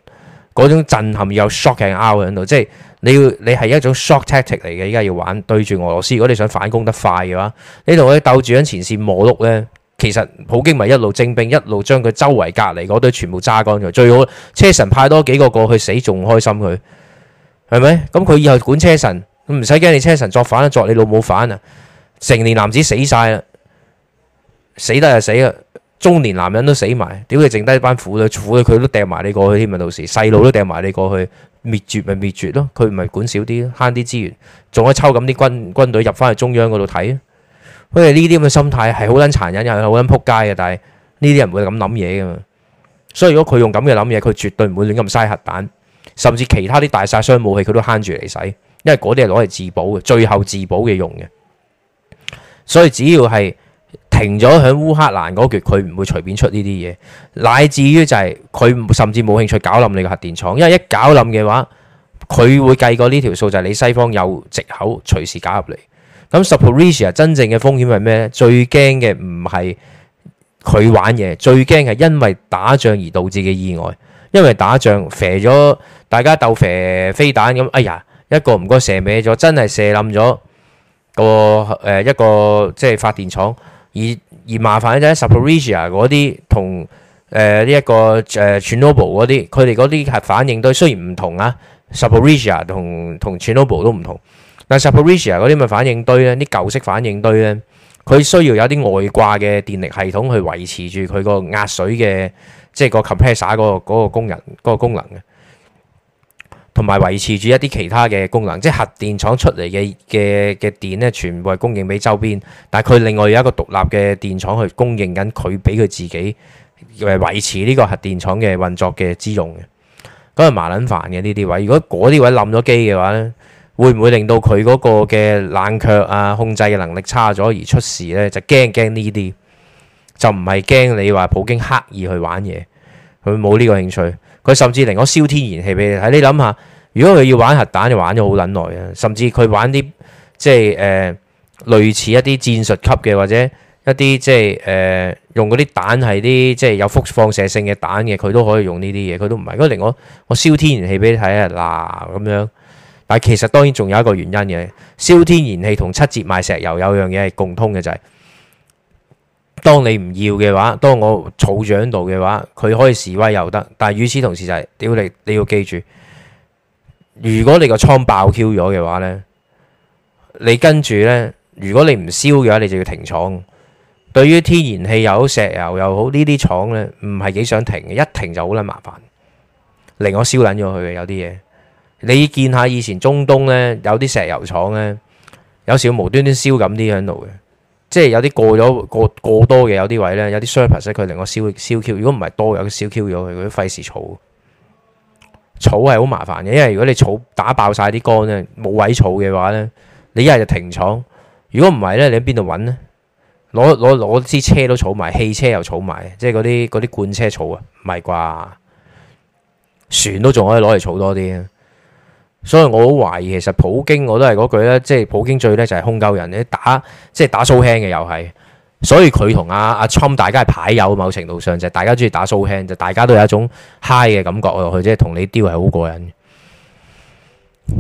嗰種震撼，又 shock and out 喺度，即係你要你係一種 shock tactic 嚟嘅，依家要玩對住俄羅斯，如果你想反攻得快嘅話，你同佢鬥住喺前線磨碌咧。其實普京咪一路徵兵，一路將佢周圍隔離嗰堆全部揸乾咗。最好車臣派多幾個過去死仲開心佢，係咪？咁佢以後管車臣，唔使驚你車臣作反啦，作你老母反啊！成年男子死晒啦，死得就死啦！中年男人都死埋，屌佢淨低一班婦女，婦女佢都掟埋你過去添啊！咪到時細路都掟埋你過去，滅絕咪滅絕咯？佢唔係管少啲，慳啲資源，仲可以抽咁啲軍軍隊入翻去中央嗰度睇啊！佢哋呢啲咁嘅心態係好撚殘忍又係好撚仆街嘅，但係呢啲人唔會咁諗嘢㗎嘛。所以如果佢用咁嘅諗嘢，佢絕對唔會亂咁嘥核彈，甚至其他啲大殺傷武器佢都慳住嚟使，因為嗰啲係攞嚟自保嘅，最後自保嘅用嘅。所以只要係停咗喺烏克蘭嗰橛，佢唔會隨便出呢啲嘢，乃至於就係佢甚至冇興趣搞冧你嘅核電廠，因為一搞冧嘅話，佢會計過呢條數，就係你西方有藉口隨時搞入嚟。咁扎波里西亞真正嘅風險係咩咧？最驚嘅唔係佢玩嘢，最驚係因為打仗而導致嘅意外。因為打仗射咗、呃、大家鬥射、呃，飛彈咁，哎呀一個唔該射歪咗，真係射冧咗個誒一個、呃、一個即係發電廠。而而麻煩就係扎波里西亞嗰啲同誒呢、呃、一、這個誒切爾諾貝爾嗰啲，佢哋嗰啲係反應堆雖然唔同啊，扎波里西亞同同切爾諾貝爾都唔同。啊。但係扎波里西亞嗰啲咪反應堆咧？啲舊式反應堆咧，佢需要有啲外掛嘅電力系統去維持住佢個壓水嘅，即係個 compressor 嗰個嗰個功能嗰個功能嘅，同埋維持住一啲其他嘅功能。即係核電廠出嚟嘅嘅嘅電咧，全部係供應俾周邊。但係佢另外有一個獨立嘅電廠去供應緊佢俾佢自己，為維持呢個核電廠嘅運作嘅之用嘅。咁係麻撚煩嘅呢啲位。如果嗰啲位冧咗機嘅話咧，會唔會令到佢嗰個嘅冷卻啊，控制嘅能力差咗而出事呢？就驚驚呢啲，就唔係驚你話普京刻意去玩嘢，佢冇呢個興趣。佢甚至令我燒天然氣俾你睇。你諗下，如果佢要玩核彈，就玩咗好撚耐啊！甚至佢玩啲即係誒、呃、類似一啲戰術級嘅或者一啲即係誒、呃、用嗰啲彈係啲即係有輻放射性嘅彈嘅，佢都可以用呢啲嘢，佢都唔係。佢令我我燒天然氣俾你睇啊，嗱咁樣。但其實當然仲有一個原因嘅，燒天然氣同七折賣石油有樣嘢係共通嘅就係，當你唔要嘅話，當我儲住喺度嘅話，佢可以示威又得。但係與此同時就係，屌你你要記住，如果你個倉爆 Q 咗嘅話呢，你跟住呢，如果你唔燒嘅話，你就要停廠。對於天然氣又好、石油又好呢啲廠呢，唔係幾想停嘅，一停就好撚麻煩，令我燒撚咗佢嘅有啲嘢。你見下以前中東咧，有啲石油廠咧，有時會無端端燒咁啲喺度嘅，即係有啲過咗過過多嘅，有啲位咧有啲 surplus，佢令我燒燒 Q。如果唔係多嘅，佢燒 Q 咗，佢都費事儲，儲係好麻煩嘅。因為如果你儲打爆晒啲缸咧，冇位儲嘅話咧，你一係就停廠。如果唔係咧，你喺邊度揾咧？攞攞攞啲車都儲埋，汽車又儲埋，即係嗰啲啲罐車儲啊，唔係啩？船都仲可以攞嚟儲多啲。所以我好懷疑，其實普京我都係嗰句咧，即係普京最叻就係空鳩人你打，即係打 so 輕嘅又係。所以佢同阿阿侵大家係牌友，某程度上就大家鍾意打 so 輕，han，就大家都有一種嗨嘅感覺，佢即係同你丟係好過癮。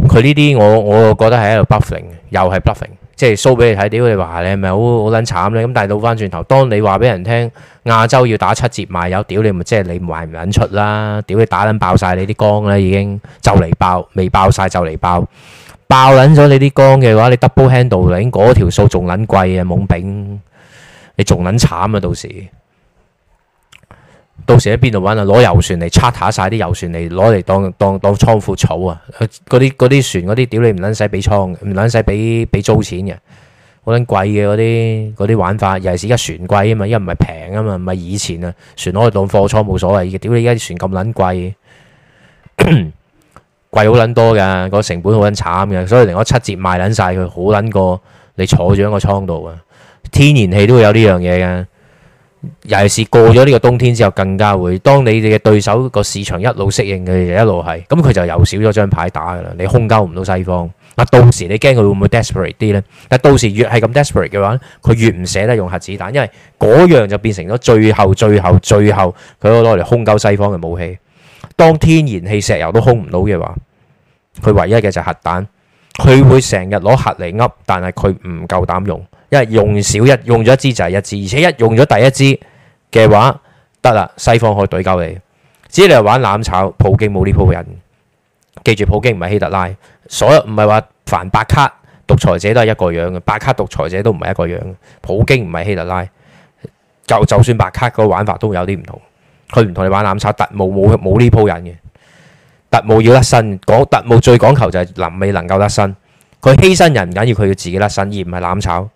佢呢啲我我覺得係喺度 bluffing，又係 bluffing。即係 show 俾你睇，屌你話你係咪好好捻慘咧？咁但係倒翻轉頭，當你話俾人聽亞洲要打七折賣油，屌你咪即係你賣唔捻出啦！屌你打捻爆晒你啲光啦，已經就嚟爆，未爆晒就嚟爆，爆捻咗你啲光嘅話，你 double handling 已經嗰條數仲捻貴啊，懵丙，你仲捻慘啊，到時。到時喺邊度揾啊？攞油船嚟拆下晒啲油船嚟攞嚟當當當倉庫儲啊！嗰啲啲船嗰啲屌你唔撚使俾倉，唔撚使俾俾租錢嘅，好撚貴嘅嗰啲啲玩法，尤其是而家船貴啊嘛，因為唔係平啊嘛，唔係以前啊，船攞嚟當貨倉冇所謂嘅，屌你而家啲船咁撚貴， 貴好撚多噶，個成本好撚慘嘅，所以連嗰七折賣撚晒佢，好撚過你坐住喺個倉度啊！天然氣都會有呢樣嘢嘅。尤其是過咗呢個冬天之後，更加會。當你哋嘅對手個市場一路適應佢，一路係，咁佢就又少咗張牌打噶啦。你空膠唔到西方，嗱到時你驚佢會唔會 desperate 啲呢？但到時越係咁 desperate 嘅話，佢越唔捨得用核子彈，因為嗰樣就變成咗最後、最後、最後佢攞嚟空膠西方嘅武器。當天然氣、石油都空唔到嘅話，佢唯一嘅就係核彈，佢會成日攞核嚟噏，但係佢唔夠膽用。因為用少一，用咗一支就係一支，而且一用咗第一支嘅話，得啦。西方可以對交你，只要你玩攬炒。普京冇呢鋪人，記住普京唔係希特拉，所有唔係話凡白卡獨裁者都係一個樣嘅。白卡獨裁者都唔係一個樣，普京唔係希特拉，就就算白卡嗰個玩法都有啲唔同。佢唔同你玩攬炒，特務冇冇呢鋪人嘅特務要甩身，講特務最講求就係臨尾能夠甩身。佢犧牲人，唔緊要佢要自己甩身，而唔係攬炒。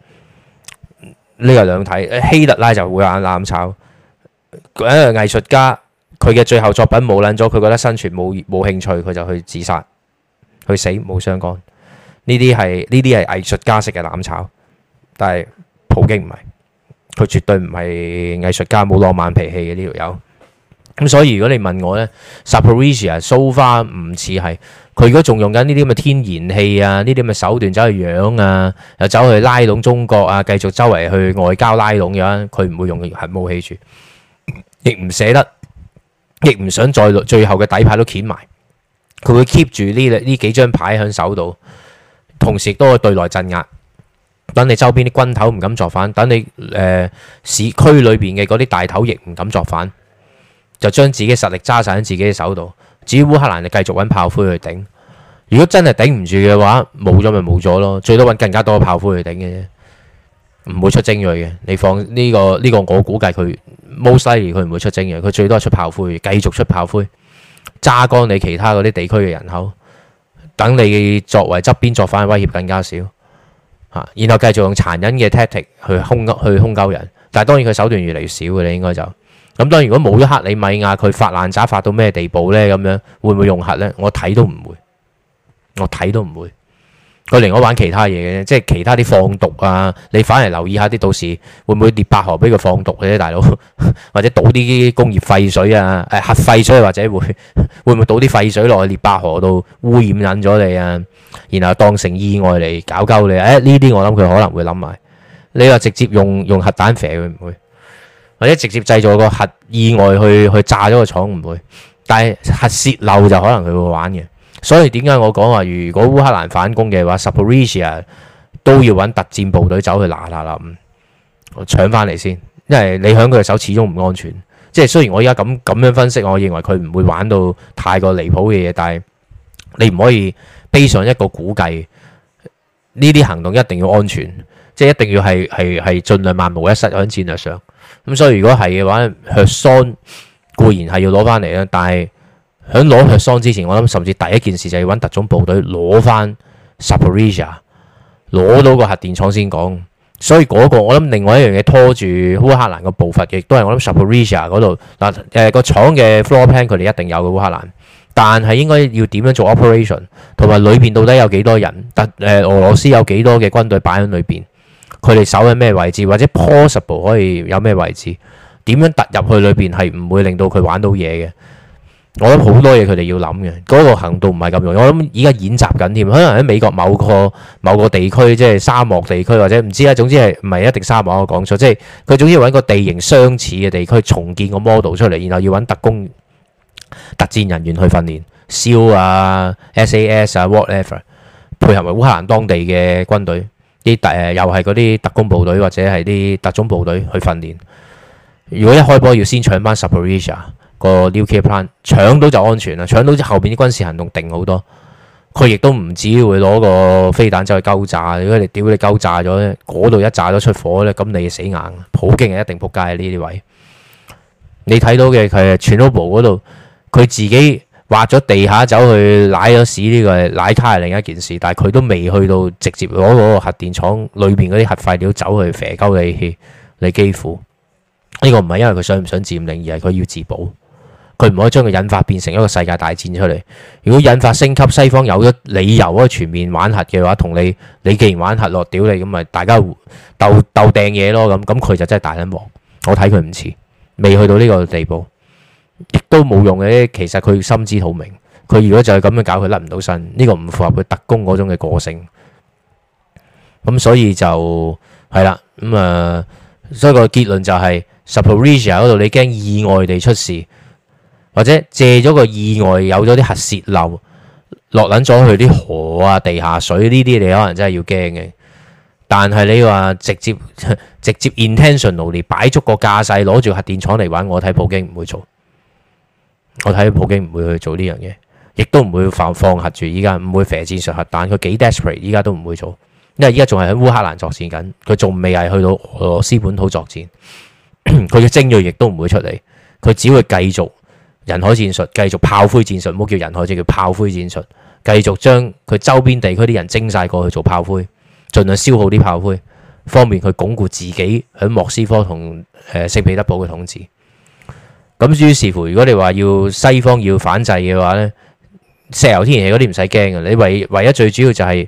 呢個兩睇，希特拉就會玩攬炒，一個藝術家佢嘅最後作品冇撚咗，佢覺得生存冇冇興趣，佢就去自殺，去死冇相干。呢啲係呢啲係藝術家式嘅攬炒，但係普京唔係，佢絕對唔係藝術家，冇浪漫脾氣嘅呢條友。這個咁所以如果你問我呢，扎波里西亞蘇花唔似係佢如果仲用緊呢啲咁嘅天然氣啊，呢啲咁嘅手段走去養啊，又走去拉攏中國啊，繼續周圍去外交拉攏嘅話，佢唔會用核武器住，亦唔捨得，亦唔想再最後嘅底牌都攣埋，佢會 keep 住呢呢幾張牌喺手度，同時都會對內鎮壓，等你周邊啲軍頭唔敢作反，等你誒市區裏邊嘅嗰啲大頭亦唔敢作反。就將自己嘅實力揸晒喺自己嘅手度，至於烏克蘭就繼續揾炮灰去頂。如果真係頂唔住嘅話，冇咗咪冇咗咯，最多揾更加多炮灰去頂嘅啫，唔會出精鋭嘅。你放呢個呢個，呢個、我估計佢 most likely 佢唔會出精鋭，佢最多出炮灰，繼續出炮灰，揸乾你其他嗰啲地區嘅人口，等你作為側邊作反嘅威脅更加少。然後繼續用殘忍嘅 tactic 去兇去兇鳩人，但係當然佢手段越嚟越少嘅你應該就。咁當然，如果冇咗克里米亞，佢發爛渣發到咩地步呢？咁樣會唔會用核呢？我睇都唔會，我睇都唔會。佢寧可玩其他嘢嘅，即係其他啲放毒啊！你反而留意下啲，到時會唔會列白河俾佢放毒嘅、啊、咧，大佬？ 或者倒啲工業廢水啊，啊，核廢水或者會 會唔會倒啲廢水落去列白河度污染引咗你啊？然後當成意外嚟搞鳩你？誒呢啲我諗佢可能會諗埋。你話直接用用核彈射會唔會？或者直接製造個核意外去去炸咗個廠，唔會，但係核泄漏就可能佢會玩嘅。所以點解我講話，如果烏克蘭反攻嘅話，Zaporizhzhia 都要揾特戰部隊走去嗱嗱啦咁搶翻嚟先，因為你喺佢嘅手始終唔安全。即係雖然我而家咁咁樣分析，我認為佢唔會玩到太過離譜嘅嘢，但係你唔可以背上一個估計。呢啲行動一定要安全，即係一定要係係係，儘量萬無一失喺戰略上。咁、嗯、所以如果係嘅話，Kherson 固然係要攞翻嚟啦，但係喺攞 Kherson 之前，我諗甚至第一件事就要揾特種部隊攞翻 Zaporizhzhia 攞到個核電廠先講。所以嗰、那個我諗另外一樣嘢拖住烏克蘭嘅步伐，亦都係我諗 Zaporizhzhia 嗰度嗱，誒、呃、個廠、呃、嘅 floor plan 佢哋一定有嘅烏克蘭，但係應該要點樣做 operation，同埋裏邊到底有幾多人，但、呃、誒俄羅斯有幾多嘅軍隊擺喺裏邊。佢哋守喺咩位置，或者 possible 可、可以有咩位置，點樣突入去裏邊係唔會令到佢玩到嘢嘅？我覺得好多嘢佢哋要諗嘅，嗰、嗰個行動唔係咁容易。我諗而家演習緊添，可能喺美國某個某個地區即係沙漠地區或者唔知啊，總之係唔係一定沙漠？我講錯，即係佢總之要揾個地形相似嘅地區重建個 model 出嚟，然後要揾特工、特戰人員去訓練，SEAL 啊、S.A.S. 啊、whatever，配合埋烏克蘭當地嘅軍隊。啲特又係嗰啲特工部隊或者係啲特種部隊去訓練。如果一開波要先搶翻 Zaporizhzhia 個 Nuke Plant 搶到就安全啦，搶到之後邊啲軍事行動定好多。佢亦都唔至於會攞個飛彈走去鳩炸，如果你屌你鳩炸咗咧，嗰度一炸咗出火咧，咁你就死硬啊！普京係一定仆街喺呢啲位。你睇到嘅佢係 Chernobyl 嗰度，佢自己。挖咗地下走去瀨咗屎，呢個瀨卡係另一件事，但係佢都未去到直接攞嗰個核電廠裏邊嗰啲核廢料走去肥鳩你。你基乎呢個唔係因為佢想唔想佔領，而係佢要自保。佢唔可以將佢引發變成一個世界大戰出嚟。如果引發升級，西方有咗理由啊全面玩核嘅話，同你，你既然玩核落屌你咁咪大家鬥鬥掟嘢咯咁，咁佢就真係大緊鑊。我睇佢唔似，未去到呢個地步。亦都冇用嘅，其實佢心知肚明。佢如果就係咁樣搞，佢甩唔到身，呢、這個唔符合佢特工嗰種嘅個性。咁所以就係啦，咁啊、嗯，所以個結論就係 Subregion 嗰度，你驚意外地出事，或者借咗個意外有咗啲核洩漏，落捻咗去啲河啊、地下水呢啲，你可能真係要驚嘅。但係你話直接直接 intentionally 擺足個架勢，攞住核電廠嚟玩，我睇普京唔會做。我睇普京唔會去做呢樣嘢，亦都唔會放放核住。依家唔會射戰術核彈，佢幾 desperate，依家都唔會做，因為依家仲係喺烏克蘭作戰緊，佢仲未係去到俄羅斯本土作戰，佢嘅精銳亦都唔會出嚟，佢只會繼續人海戰術，繼續炮灰戰術，唔好叫人海，即係叫炮灰戰術，繼續將佢周邊地區啲人徵晒過去做炮灰，盡量消耗啲炮灰，方便佢鞏固自己喺莫斯科同誒聖彼得堡嘅統治。咁至於是乎，如果你話要西方要反制嘅話呢，石油、天然氣嗰啲唔使驚嘅。你唯唯一最主要就係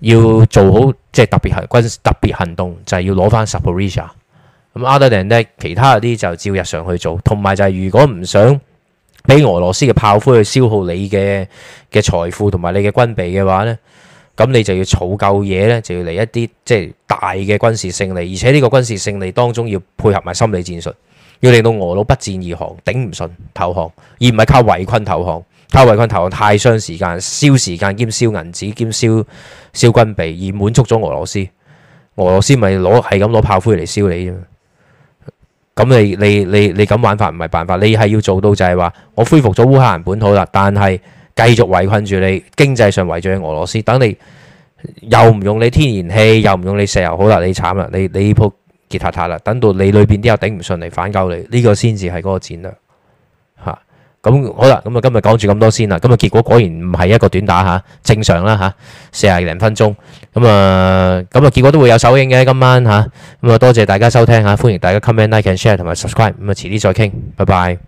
要做好，即係特別行軍、特別行動，就係、是、要攞翻 Zaporizhzhia。咁 other than 咧，其他嗰啲就照日常去做。同埋就係如果唔想俾俄羅斯嘅炮灰去消耗你嘅嘅財富同埋你嘅軍備嘅話呢，咁你就要儲夠嘢呢，就要嚟一啲即係大嘅軍事勝利，而且呢個軍事勝利當中要配合埋心理戰術。要令到俄佬不戰而降，頂唔順投降，而唔係靠圍困投降。靠圍困投降太傷時間、燒時間兼燒銀紙兼燒燒、燒軍備，而滿足咗俄羅斯。俄羅斯咪攞係咁攞炮灰嚟燒你啫？咁你你你咁玩法唔係辦法。你係要做到就係話，我恢復咗烏克蘭本土啦，但係繼續圍困住你，經濟上圍住俄羅斯。等你又唔用你天然氣，又唔用你石油，好啦，你慘啦，你你仆。你你跌塔塔啦，等到你裏邊啲又頂唔順嚟反救你，呢、這個先至係嗰個戰略嚇。咁、啊嗯、好啦，咁啊今日講住咁多先啦。今日、嗯、結果果然唔係一個短打嚇、啊，正常啦嚇、啊，四廿零分鐘。咁啊，咁、嗯、啊、嗯、結果都會有首映嘅今晚嚇。咁啊、嗯、多謝大家收聽嚇、啊，歡迎大家 comment like and share 同埋 subscribe。咁啊遲啲再傾，拜拜。